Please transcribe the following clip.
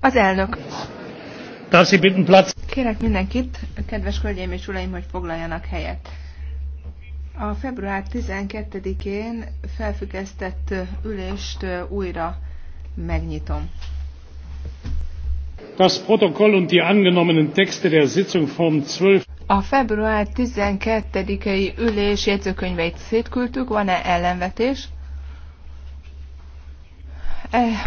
Az elnök. Kérek mindenkit, kedves hölgyeim és uraim, hogy foglaljanak helyet. A február 12-én felfüggesztett ülést újra megnyitom. Das Protokoll und die angenommenen Texte der Sitzung vom 12. A február 12-i ülés jegyzőkönyveit szétküldtük, van-e ellenvetés? Eh,